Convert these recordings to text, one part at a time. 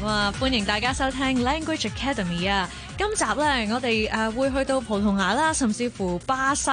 哇！歡迎大家收聽 Language Academy 啊！今集咧，我哋誒、呃、會去到葡萄牙啦，甚至乎巴西、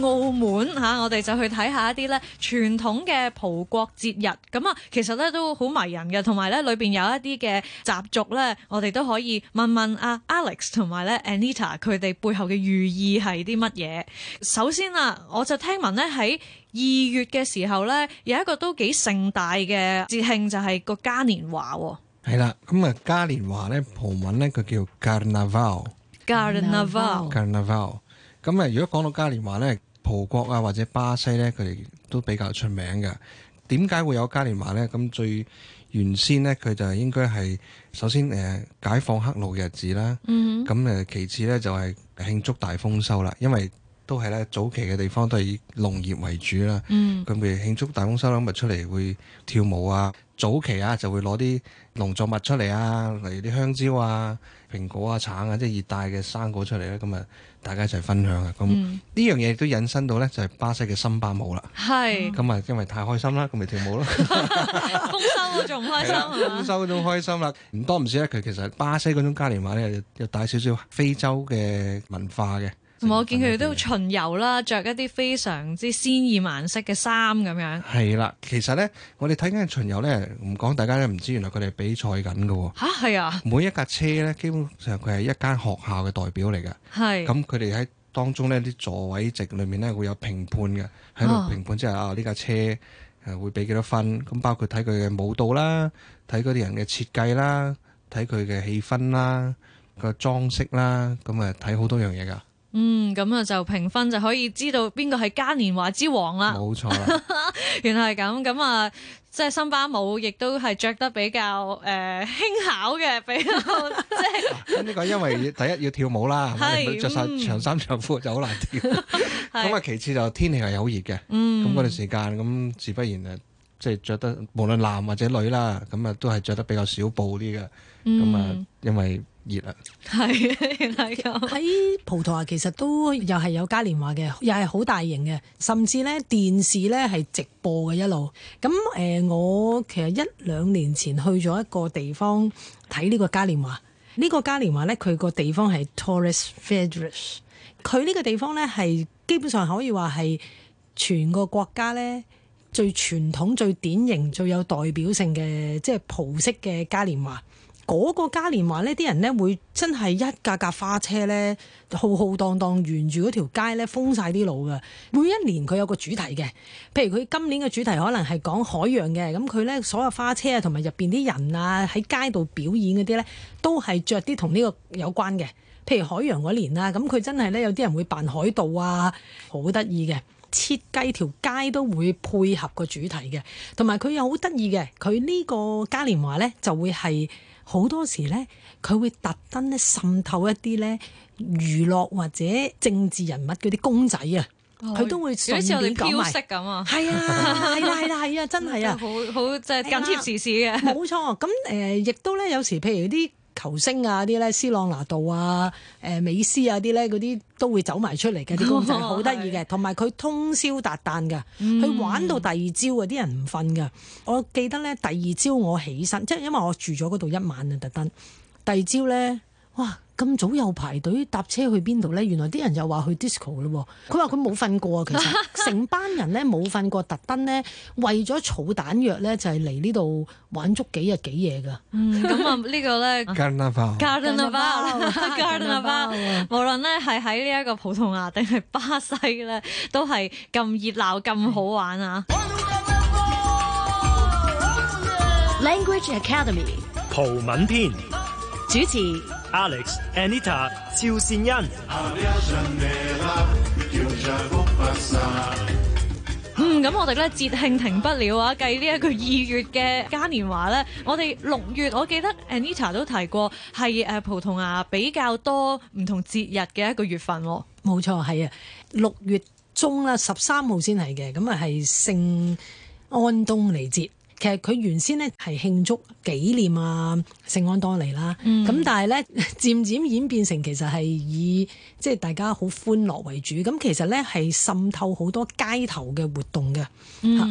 澳門吓、啊，我哋就去睇下一啲咧傳統嘅葡國節日。咁啊，其實咧都好迷人嘅，同埋咧裏邊有一啲嘅習俗咧，我哋都可以問問阿、啊、Alex 同埋咧 Anita 佢哋背後嘅寓意係啲乜嘢。首先啊，我就聽聞咧喺二月嘅時候咧，有一個都幾盛大嘅節慶，就係、是、個嘉年華、啊。係啦，咁啊嘉年華咧葡文，咧佢叫 Carnaval、Carnaval、Carnaval。咁啊，如果講到嘉年華咧，葡國啊或者巴西咧，佢哋都比較出名嘅。點解會有嘉年華咧？咁最原先咧，佢就係應該係首先誒、呃、解放黑奴日子啦。咁誒、mm hmm. 其次咧就係、是、慶祝大豐收啦，因為，都係咧，早期嘅地方都係以農業為主啦。嗯，咁譬如慶祝大豐收咧，咁咪出嚟會跳舞啊。早期啊，就會攞啲農作物出嚟啊，例如啲香蕉啊、蘋果啊、橙啊，即係熱帶嘅生果出嚟咧。咁啊，大家一齊分享啊。咁呢樣嘢都引申到咧，就係巴西嘅森巴舞啦。係。咁啊，因為太開心啦，咁咪跳舞咯。豐收啊，仲唔開心啊？豐收仲開心啦，唔多唔少咧。佢其實巴西嗰種嘉年華咧，有帶少少非洲嘅文化嘅。嗯、我見佢哋都巡遊啦，着一啲非常之鮮艷顏色嘅衫咁樣。係啦，其實咧，我哋睇緊巡遊咧，唔講大家都唔知原來佢哋係比賽緊噶吓係啊。每一架車咧，基本上佢係一間學校嘅代表嚟嘅。係咁是，佢哋喺當中呢啲座位席裏面咧會有評判嘅喺度評判之，即係啊呢架車誒會俾幾多分咁？包括睇佢嘅舞蹈啦，睇嗰啲人嘅設計啦，睇佢嘅氣氛啦，個裝飾啦，咁啊睇好多樣嘢噶。嗯，咁啊就評分就可以知道邊個係嘉年華之王啦。冇錯啦，原來係咁。咁啊，即係森巴舞亦都係着得比較誒輕、呃、巧嘅，比較即係。呢、 啊、個因為第一要跳舞啦，着晒是長衫長褲就好難跳。咁啊是， 其次就天氣係好熱嘅。嗯。咁嗰段時間，咁自不然誒，即係着得無論男或者女啦，咁啊都係着得比較少布啲嘅。嗯。咁啊、嗯，因為。熱啊！係係咁，喺葡萄牙其實都又係有嘉年華嘅，又係好大型嘅，甚至咧電視咧係直，直播嘅一路。咁誒、呃，我其實一兩年前去咗一個地方睇呢個嘉年華，呢、這個嘉年華咧佢個地方係 Torres Vedras，佢呢個地方咧係基本上可以話係全個國家咧最傳統、最典型、最有代表性嘅，即係葡式嘅嘉年華。嗰個嘉年華呢啲人呢，會真係一架架花車呢，浩浩蕩蕩沿住嗰條街呢封晒啲路嘅。每一年佢有個主題嘅，譬如佢今年嘅主題可能係講海洋嘅，咁佢呢，所有花車啊，同埋入邊啲人啊喺街度表演嗰啲呢，都係着啲同呢個有關嘅。譬如海洋嗰年啊，咁佢真係呢，有啲人會扮海盜啊，好得意嘅。設計條街都會配合個主題嘅，同埋佢又好得意嘅。佢呢個嘉年華呢，就會係。好多時咧，佢會特登咧滲透一啲咧娛樂或者政治人物嗰啲公仔、哦、啊，佢都會所以又嚟飄色咁啊，係 啊，係啦、啊，係啊，啊，啊，真係啊，好好即係緊貼時事嘅，冇錯。咁誒，亦、呃、都咧有時譬如啲。球星啊啲咧，斯朗拿度啊，誒、呃，美斯啊啲咧，嗰啲都會走埋出嚟嘅啲公仔，好得意嘅。同埋佢通宵達旦嘅，佢玩到第二朝嗰啲人唔瞓嘅。我記得咧，第二朝我起身，即係因為我住咗嗰度一晚啊，特登。第二朝咧，哇！咁早又排隊搭車去邊度咧？原來啲人又話去 disco 啦喎。佢話佢冇瞓過啊，其實成班人咧冇瞓過，特登咧為咗儲彈藥咧就係嚟呢度玩足幾日幾夜噶。咁啊、嗯、呢個咧 Carnival，Carnival，Carnival 無論咧係喺呢一個葡萄牙定係巴西咧，都係咁熱鬧咁好玩啊 ！Language Academy，葡文篇， 主持。Alex Anita、Anita、趙善恩。嗯，咁我哋咧節慶停不了啊！計呢一個二月嘅嘉年華咧，我哋六月，我記得 Anita 都提過係誒葡萄牙比較多唔同節日嘅一個月份。冇錯，係啊，六月中啦，十三號先嚟嘅，咁啊係聖安東尼節。其實佢原先咧係慶祝紀念啊聖安多尼啦，咁、嗯、但係咧漸漸演變成其實係以即係大家好歡樂為主。咁其實咧係滲透好多街頭嘅活動嘅。咁、嗯啊、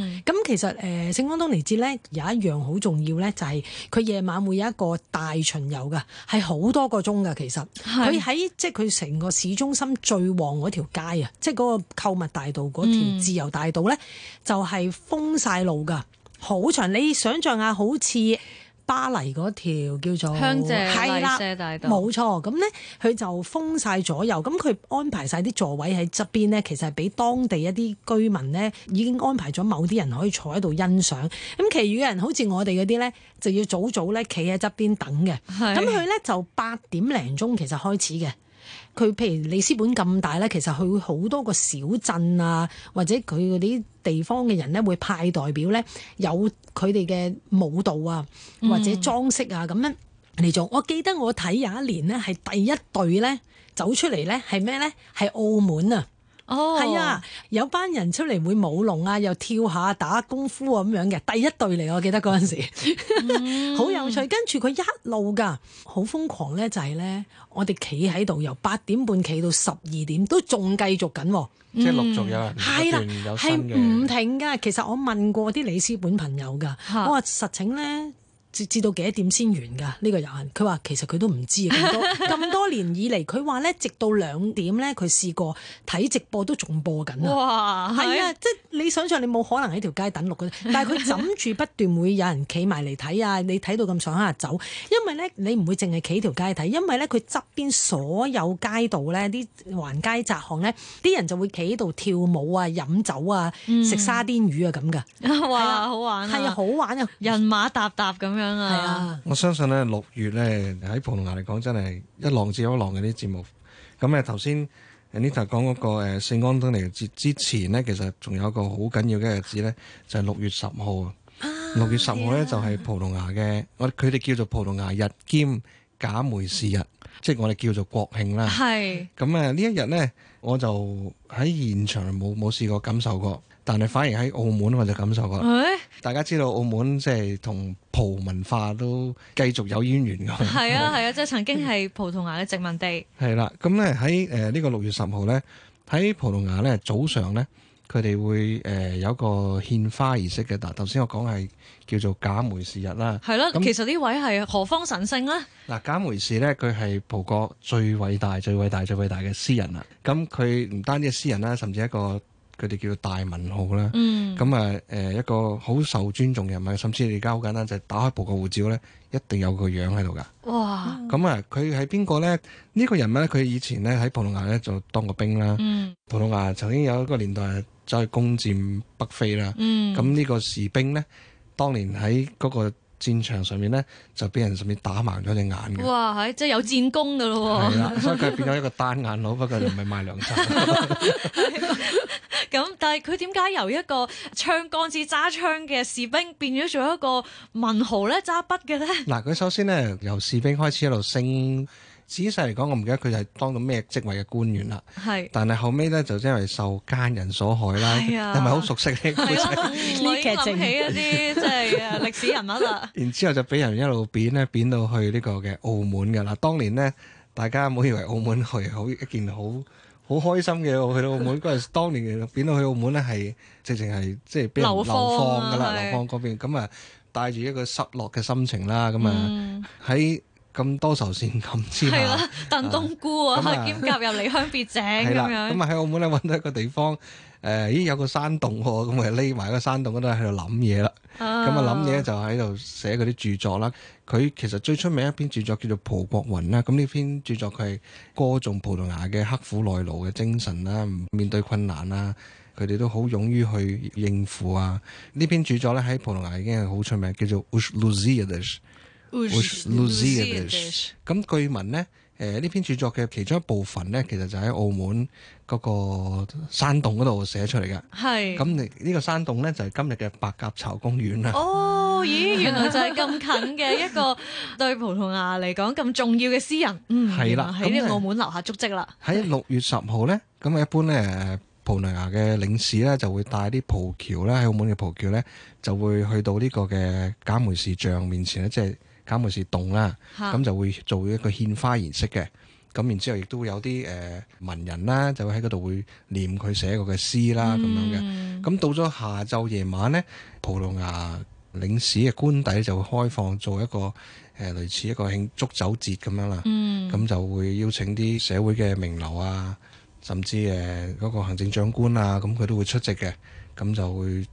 其實誒、呃、聖安多尼節咧有一樣好重要咧，就係佢夜晚會有一個大巡遊㗎，係好多個鐘㗎。其實佢喺是即係佢成個市中心最旺嗰條街啊，即係嗰個購物大道嗰條自由大道咧，嗯、就係封晒路㗎。好長，你想像下好似巴黎嗰條叫做香榭麗舍大道，冇錯。咁呢，佢就封晒左右，咁佢安排晒啲座位喺側邊呢，其實係俾當地一啲居民呢已經安排咗某啲人可以坐喺度欣賞。咁，其餘嘅人好似我哋嗰啲呢，就要早早呢企喺側邊等嘅。咁佢是呢就八點零鐘其實開始嘅。佢譬如里斯本咁大咧，其實佢好多個小鎮啊，或者佢嗰啲地方嘅人咧，會派代表咧，有佢哋嘅舞蹈啊，或者裝飾啊咁、嗯、樣嚟做。我記得我睇有一年咧，係第一隊咧走出嚟咧係咩咧？係澳門啊！哦，係啊、oh.，有班人出嚟會舞龍啊，又跳下打功夫啊咁樣嘅，第一隊嚟，我記得嗰陣時，好、mm. 有趣。跟住佢一路噶，好瘋狂咧，就係咧，我哋企喺度，由八點半企到十二點，都仲繼續緊，即係陸續有人，係啦、mm. 的，係唔停噶。其實我問過啲里斯本朋友噶，我話實情咧。至至到幾多點先完㗎？呢、呢個遊行，佢話其實佢都唔知咁多。 多年以嚟，佢話咧，直到兩點咧，佢試過睇直播都仲播緊啊！係啊，即係你想象你冇可能喺條街等六個，但係佢枕住不斷會有人企埋嚟睇啊！你睇到咁上下走，因為咧你唔會淨係企條街睇，因為咧佢側邊所有街道咧啲橫街窄巷咧，啲人就會企喺度跳舞啊、飲酒啊、食、嗯、沙甸魚啊咁㗎。哇，的哇！好玩啊！係啊的，好玩啊！人馬搭搭咁樣。係啊，我相信咧六月咧喺葡萄牙嚟講真係一浪接一浪嘅啲節目。咁啊頭先 Anita 講嗰個誒聖安東尼節之前呢，其實仲有一個好緊要嘅日子咧，就係六月十號啊。六月十號咧就係葡萄牙嘅，我佢哋叫做葡萄牙日兼賈梅士日，嗯、即係我哋叫做國慶啦。係咁啊，呢一日咧，我就喺現場冇冇試過感受過。但係反而喺澳門，我就感受過。欸、大家知道澳門即係同葡文化都繼續有淵源咁。係啊係啊，啊 即係曾經係葡萄牙嘅殖民地。係啦，咁咧喺誒呢個六月十號咧，喺葡萄牙咧早上咧，佢哋會誒有一個獻花儀式嘅。嗱頭先我講係叫做賈梅士日啦。係啦的，那其實呢位係何方神聖咧？嗱賈梅士咧，佢係葡國最偉大、最偉大、最偉大嘅詩人啦。咁佢唔單止係詩人啦，甚至一個。佢哋叫做大文豪啦，咁啊、嗯，誒、嗯、一個好受尊重嘅人物，甚至你而家好簡單，就係、打開部個護照咧，一定有個樣喺度噶。哇！咁啊、嗯，佢係邊個咧？呢、呢個人物咧，佢以前咧喺葡萄牙咧就當過兵啦。葡萄牙曾經有一個年代走去攻佔北非啦。咁呢、嗯嗯、個士兵咧，當年喺嗰個戰場上面咧，就俾人上面打盲咗隻眼嘅。哇！係，即係有戰功嘅咯喎。係啦，所以佢變咗一個單眼佬， 不過又唔係賣兩棟。 咁，但係佢點解由一個槍桿子揸槍嘅士兵變咗做一個文豪咧揸筆嘅咧？嗱，佢首先呢，由士兵開始一路升，仔細嚟講，我唔記得佢係當到咩職位嘅官員啦。係是，但係後尾呢，就因為受奸人所害啦，係咪好熟悉呢？故事、啊。我諗 起一啲即係歷史人物啦。 然之後就俾人一路扁呢，扁到去呢個嘅澳門噶啦。當年呢，大家唔好以為澳門係好一件好。好開心嘅，我去到澳門嗰陣， 當年嘅變到去澳門咧，係直情係即係畀人流放噶啦，流放嗰邊，咁啊帶住一個失落嘅心情啦，咁啊喺。咁多愁善感之類，係啦，燉冬菇啊，啊兼夾入離鄉 別井咁樣。咁啊喺澳門咧揾到一個地方，誒、呃、咦有個山洞喎，咁咪匿埋喺個山洞嗰度喺度諗嘢啦。咁啊諗嘢就喺度寫嗰啲著作啦。佢其實最出名一篇著作叫做《葡國魂》啦。咁呢篇著作佢係歌頌葡萄牙嘅刻苦耐勞嘅精神啦，面對困難啦，佢哋都好勇於去應付啊。呢篇著作咧喺葡萄牙已經係好出名，叫做《Us Lusíadas》。咁據聞呢，誒、呃、呢篇著作嘅其中一部分呢，其實就喺澳門嗰個山洞嗰度寫出嚟嘅。係是，咁呢呢個山洞呢，就係、是、今日嘅白鴿巢公園啦、啊。哦，咦，原來就係咁近嘅一個對葡萄牙嚟講咁重要嘅詩人 嗯，嗯，係啦、就是，喺澳門留下足跡啦。喺六月十號呢，咁啊一般呢，葡萄牙嘅領事呢，就會帶啲葡僑啦。喺澳門嘅葡僑呢，就會去到呢個嘅賈梅士像面前咧，即係。詹姆士洞啦，咁就會做一個獻花儀式嘅，咁然之後亦都會有啲誒文人啦，就喺嗰度會念佢寫過嘅詩啦咁樣嘅。咁到咗下晝夜晚呢，葡萄牙領事嘅官邸就會開放做一個誒類似一個慶祝酒節咁樣啦。咁就會邀請啲社會嘅名流啊，甚至誒嗰個行政長官啊，咁佢都會出席嘅。咁就會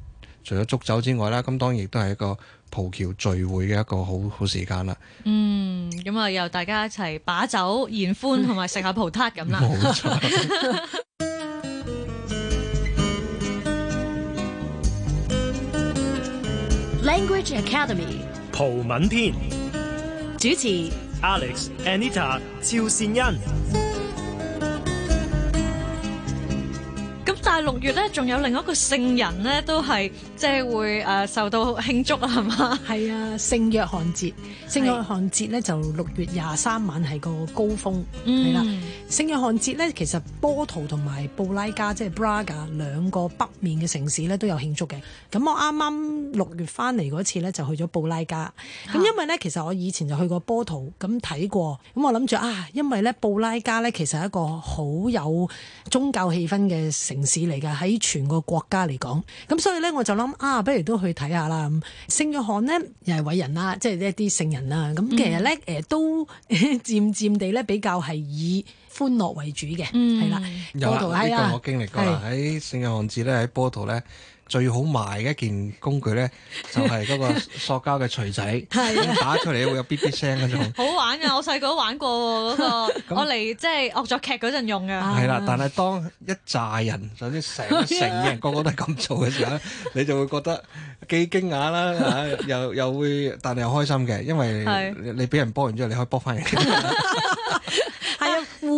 除咗祝酒之外啦，咁當然亦都係一個。蒲橋聚會嘅一個好好時間啦。嗯，咁啊，又大家一齊把酒言歡，同埋食下葡撻咁啦。冇 錯。 Language Academy。蒲敏天主持。Alex Anita 趙善恩。六月咧，仲有另外一個聖人咧，都係即係會誒、呃、受到慶祝啊，係嘛？係啊，聖約翰節，聖約翰節咧就六月廿三晚係個高峰，係啦、嗯。聖、啊、約翰節咧，其實波圖同埋布拉加，即係 Braga 兩個北面嘅城市咧都有慶祝嘅。咁我啱啱六月翻嚟嗰次咧，就去咗布拉加。咁因為咧，其實我以前就去過波圖，咁睇過，咁我諗住啊，因為咧布拉加咧其實係一個好有宗教氣氛嘅城市。嚟噶喺全個國家嚟講，咁所以咧我就諗啊，不如都去睇下啦。聖約翰呢，又係偉人啦，即係一啲聖人啦。咁、嗯、其實咧誒、呃，都漸漸地咧比較係以歡樂為主嘅，係啦、嗯。了有圖係啊，了我經歷過喺聖了約翰治咧喺波圖咧。最好賣嘅一件工具咧，就係、是、嗰個塑膠嘅錘仔， 打出嚟會有咇咇聲嗰種。 好玩嘅，我細個都玩過嗰、那個， 那我嚟即係惡作劇嗰陣用嘅。係啦、啊，但係當一紮人，甚至成城嘅人， 個個都係咁做嘅時候咧，你就會覺得幾驚訝啦、啊，又又會，但係又開心嘅，因為你俾人卜完之後，你可以卜翻人。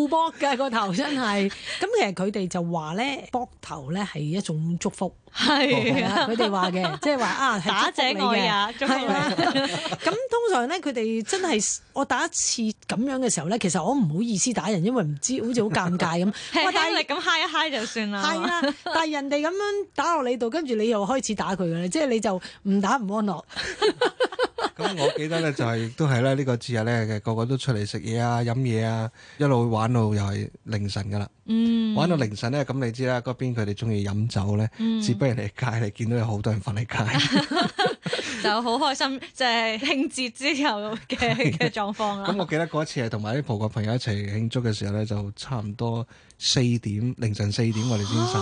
卜嘅個頭真係，咁 其實佢哋就話咧，卜頭咧係一種祝福，係、 就是、啊，佢哋話嘅，即係話啊，打者愛啊，祝福你啊，咁 通常咧，佢哋真係我打一次咁樣嘅時候咧，其實我唔好意思打人，因為唔知好似好尷尬咁，我大 力咁嗨一嗨就算啦。係啊，但係 人哋咁樣打落你度，跟住你又開始打佢嘅啦，即係 你就唔打唔安樂。 咁我記得咧就係都係咧呢個節日咧嘅個個都出嚟食嘢啊飲嘢啊一路玩到又係凌晨噶啦，玩到凌晨咧，咁你知啦，嗰邊佢哋中意飲酒咧，只不量力街，你見到有好多人瞓喺街。 就好開心，即、就、係、是、慶節之後嘅嘅 狀況啦。咁 我記得嗰一次係同埋啲葡國朋友一齊慶祝嘅時候咧，就差唔多四點凌晨四點我，我哋先散。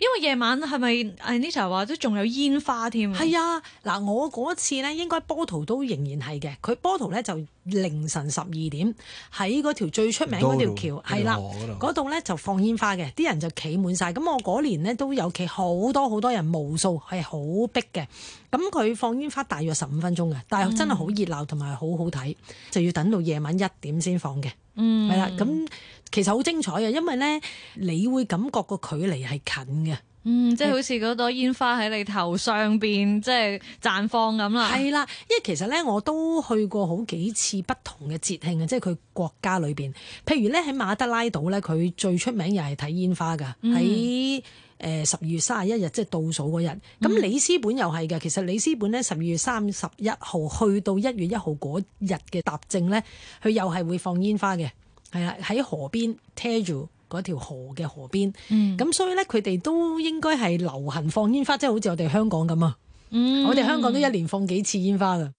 因為夜晚係咪？Anita 話都仲有煙花添。係 啊，嗱，我嗰次咧應該波圖都仍然係嘅。佢波圖咧就。凌晨十二點喺嗰條最出名嗰條橋係啦，嗰度呢，了河河就放煙花嘅，啲人就企滿晒。咁我嗰年呢，都有企好多好多人，無數係好逼嘅。咁佢放煙花大約十五分鐘嘅，但係真係好熱鬧同埋好好睇，嗯、就要等到夜晚一點先放嘅。嗯，係啦。咁其實好精彩嘅，因為呢，你會感覺個距離係近嘅。嗯，嗯，即係好似嗰朵煙花喺你頭上邊，嗯、即係綻放咁啦。係啦，因為其實咧，我都去過好幾次不同嘅節慶啊，即係佢國家裏邊。譬如咧，喺馬德拉島咧，佢最出名又係睇煙花噶。喺、誒、十二月三十一日，即係倒數嗰日。咁里、嗯、斯本又係噶。其實里斯本咧，十二月三十一號去到一月一號嗰日嘅踏正咧，佢又係會放煙花嘅。係啦，喺河邊貼嗰條河嘅河邊，咁，嗯，所以咧，佢哋都應該係流行放煙花，即係、就是、好似我哋香港咁啊！嗯，我哋香港都一年放幾次煙花㗎。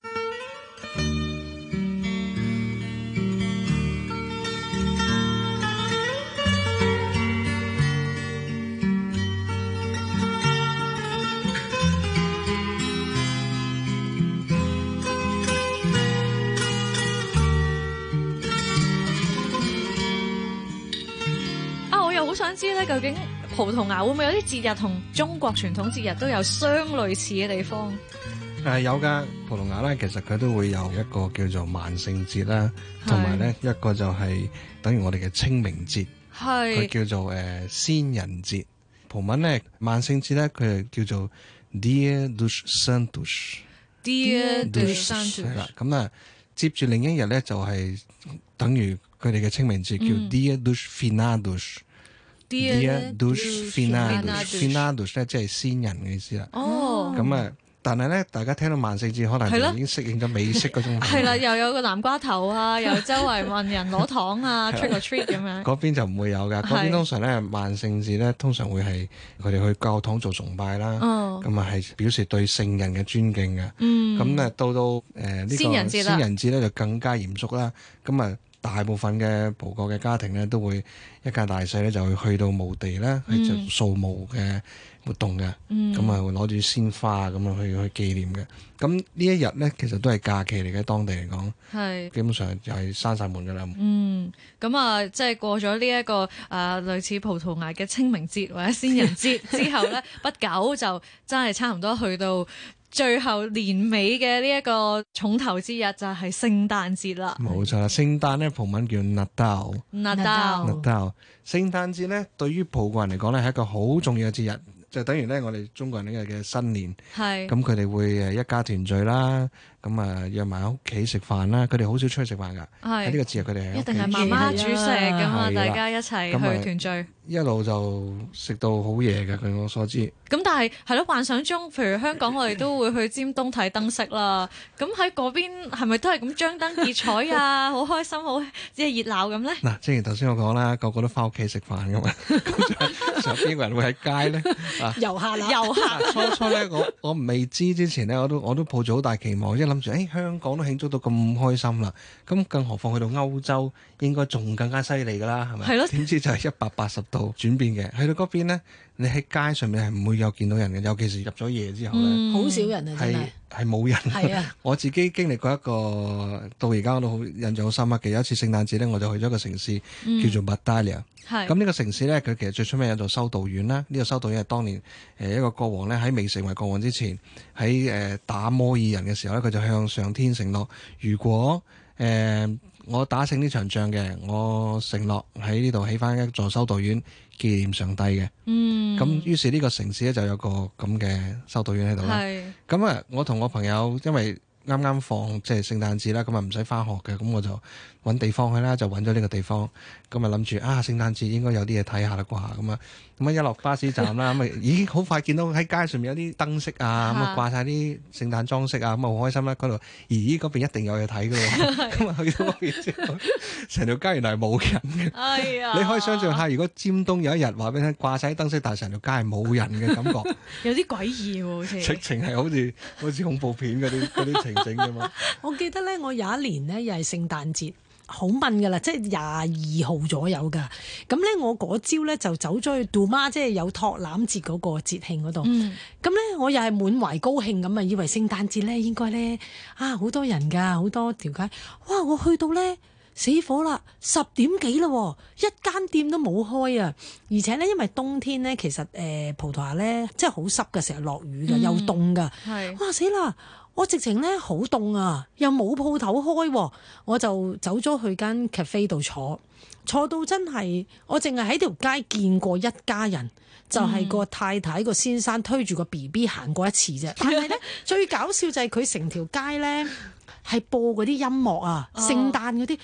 知咧，究竟葡萄牙會唔會有啲節日同中國傳統節日都有相類似嘅地方？誒，有噶，葡萄牙咧，其實佢都會有一個叫做萬聖節啦，同埋咧一個就係等於我哋嘅清明節，係佢叫做誒先人節。葡文咧萬聖節咧，佢係叫做 Dia dos Santos Dia dos Santos。咁啊，接住另一日咧就係等於佢哋嘅清明節，叫 Dia dos Finados。啲啊，doosh fin 啊，doosh fin 啊，doosh 咧即係先人嘅意思啦。哦。咁啊，但係咧，大家聽到萬聖節，可能已經適應咗美式嗰種。係咯。係啦，又有個南瓜頭啊，又周圍搵人攞糖啊，trick or treat 咁樣。嗰 邊就唔會有㗎。係。嗰邊通常咧，萬聖節咧，通常會係佢哋去教堂做崇拜啦。哦。咁啊，係表示對聖人嘅尊敬嘅。嗯。咁咧，到到誒呢個先人節咧，先人節就更加嚴肅啦。咁啊。大部分嘅葡國嘅家庭咧，都會一家大細咧就去去到墓地咧，嗯、去做掃墓嘅活動嘅。咁啊、嗯，攞住鮮花啊，咁啊去去紀念嘅。咁呢一日呢，其實都係假期嚟嘅，當地嚟講。係是。基本上就係閂晒門嘅啦。嗯。咁啊，即係過咗呢一個啊、呃，類似葡萄牙嘅清明節或者先人節之後呢， 不久就真係差唔多去到。最後年尾嘅呢一個重頭之日就係聖誕節啦，冇錯啦。聖誕咧，葡文叫 Natal，Natal，Natal ad。聖誕節咧，對於葡國人嚟講咧，係一個好重要嘅節日，就等於咧，我哋中國人呢個嘅新年，係咁佢哋會誒一家團聚啦。咁啊、嗯，約埋喺屋企食飯啦！佢哋好少出去食飯噶，喺呢是個節日佢哋一定係媽媽煮食噶嘛，的大家一齊去團聚，嗯嗯、一路就食到好夜嘅。據我所知，咁、嗯、但係係咯，幻想中，譬如香港， 我哋都會去尖東睇燈飾啦。咁喺嗰邊係咪都係咁張燈結彩啊？好 開心，好即係熱鬧咁咧。嗱、啊，正如頭先我講啦，個個都翻屋企食飯噶嘛， 邊個人會喺街咧？遊客啦，遊客、遊客、啊啊。初初咧，我我未知之前咧，我都我都抱住好大期望，因諗住：誒、哎，香港都慶祝到咁開心啦，咁更何況去到歐洲，應該仲更加犀利㗎啦，係咪？係咯。點 知就係一百八十度轉變嘅，去到嗰邊咧，你喺街上面係唔會有見到人嘅，尤其是入咗夜之後咧，好少人啊，真係係冇人。係啊，我自己經歷過一個到而家我都好印象好深刻嘅，有一次聖誕節咧，我就去咗一個城市、嗯、叫做 m a l 咁呢個城市咧，佢其實最出名有座修道院啦。呢個修道院係當年誒、一個國王咧，喺未成為國王之前，喺誒、打摩爾人嘅時候咧，佢就向上天承諾，如果誒、我打勝呢場仗，嘅，我承諾喺呢度起翻一座修道院紀念上帝嘅。嗯，咁於是呢個城市咧就有個咁嘅修道院喺度啦。咁啊係，我同我朋友因為。啱啱放即係聖誕節啦，咁啊唔使返學嘅，咁我就揾地方去啦，就揾咗呢個地方，咁啊諗住啊聖誕節應該有啲嘢睇下啦啩，咁啊。咁一落巴士站啦，咁啊，已經好快見到喺街上面有啲燈飾啊，咁啊掛晒啲聖誕裝飾啊，咁啊好開心啦！嗰度，咦咦，嗰邊一定有嘢睇㗎，咁 啊去到嗰邊之後，成條街原來係冇人嘅。 哎呀，你可以想象下，如果尖東有一日話俾你聽，掛晒啲燈飾，但係成條街係冇人嘅感覺， 有啲詭異喎，好似直情係好似好似恐怖片嗰啲啲情景咁嘛。 我記得咧，我有一年咧又係聖誕節。好悶噶啦，即係廿二號左右噶。咁咧、嗯，我嗰朝咧就走咗去杜媽，即係有托攬節嗰個節慶嗰度。咁咧、嗯，我又係滿懷高興咁啊，以為聖誕節咧應該咧啊，好多人噶，好多條街。哇！我去到咧死火啦，十點幾啦，一間店都冇開啊。而且咧，因為冬天咧，其實誒、呃、葡萄牙咧，即係好濕嘅，成日落雨㗎，嗯、又凍㗎。係是哇，死啦！我直情咧好凍啊，又冇鋪頭開，啊，我就走咗去間 cafe 度坐，坐到真係我淨係喺條街見過一家人，嗯、就係個太太、個先生推住個 BB 行過一次啫。但係咧 最搞笑就係佢成條街咧。係播嗰啲音樂啊，啊聖誕嗰啲，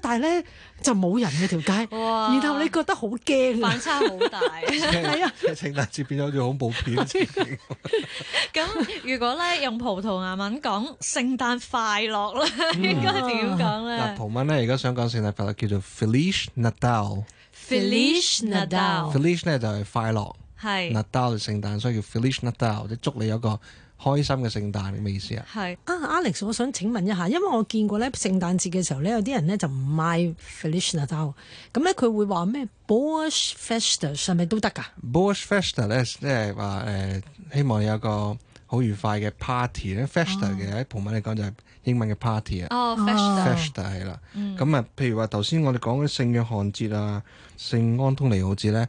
但係咧就冇人嘅條街，哇然後你覺得好驚，反差好大，係啊！聖誕節變咗好似恐怖片，咁如果咧用葡萄牙文講聖誕快樂咧，嗯、 應該點講咧？葡、嗯啊、文咧而家想講聖誕快樂叫做 Feliz Natal，Feliz Natal，Feliz 咧就係快樂，係是，Natal 就聖誕，所以叫 Feliz Natal，即祝你有個。開心嘅聖誕你咩意思啊，係啊是、ah, Alex，我想請問一下，因為我見過咧聖誕節嘅時候咧，有啲人咧就唔買 Feliz Natal 咁咧佢會話咩 Boas Festas 係咪都得㗎 Boas Festas 咧即係話誒，希望你有個好愉快嘅 party 咧、哦、，Festa 嘅喺葡文嚟講就係英文嘅 party 啊、哦。Festa 哦，Festa，Festa 係啦。咁啊，嗯、譬如話頭先我哋講嗰啲聖約翰節啊，聖安東尼奧節咧。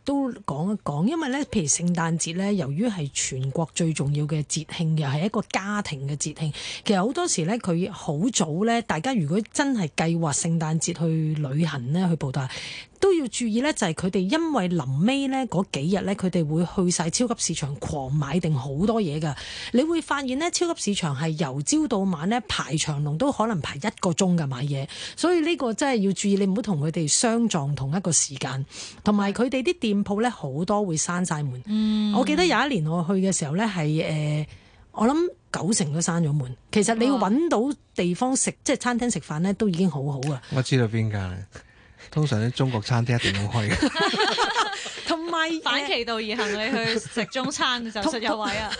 都講一講，因為咧，譬如聖誕節咧，由於係全國最重要嘅節慶，又係一個家庭嘅節慶，其實好多時咧，佢好早咧，大家如果真係計劃聖誕節去旅行咧，去葡萄牙都要注意咧，就係佢哋因為臨尾呢嗰幾日咧，佢哋會去晒超級市場狂買定好多嘢㗎。你會發現咧，超級市場係由朝到晚咧排長龍，都可能排一個鐘㗎買嘢，所以呢個真係要注意，你唔好同佢哋相撞同一個時間，同埋佢哋啲店鋪咧好多會閂曬門，嗯、我記得有一年我去嘅時候咧係誒，我諗九成都閂咗門。其實你揾到地方食，哇即係餐廳食飯咧，都已經好好啊。我知道邊間， 通常啲中國餐廳一定要開嘅。同 埋 有反其道而行，你 去食中餐就有位啊。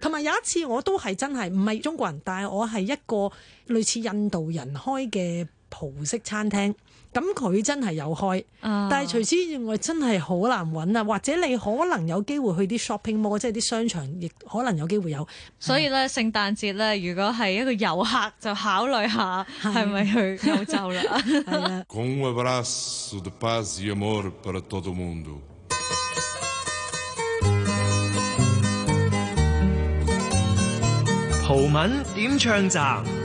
同埋 有，有一次我都係真係唔係中國人，但係我係一個類似印度人開嘅。葡式餐廳，咁佢真係有開，但係除此之外真係好難揾啊！或者你可能有機會去啲 shopping mall，即係啲商場，亦可能有機會有。所以咧，嗯、聖誕節咧，如果係一個遊客，就考慮下係咪去歐洲啦。葡文點唱站。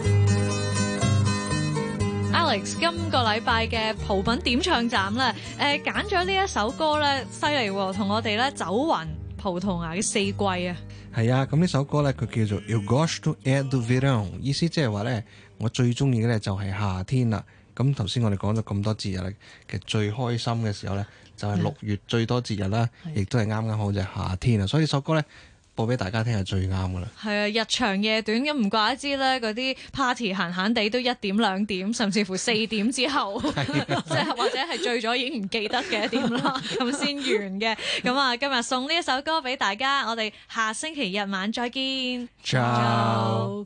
Alex 今個禮拜嘅葡品點唱站啦，誒揀咗呢、呃、一首歌咧，犀利喎，同我哋咧走勻葡萄牙嘅四季啊。係啊，咁呢首歌咧，佢叫做 Eu gosto de verão，意思即係話咧，我最中意嘅咧就係夏天啦。咁頭先我哋講咗咁多節日，其實最開心嘅時候咧，就係六月最多節日啦，亦、嗯、都係啱啱好就係、是、夏天啊，所以首歌咧。播俾大家聽係最啱嘅啦，係啊！日長夜短，咁唔怪得知咧，嗰啲 party 閒閒地都一點兩點，甚至乎四點之後，即係 或者係醉咗已經唔記得嘅一點啦，咁先 完嘅。咁啊， 今日送呢一首歌俾大家，我哋下星期日晚再見。Ciao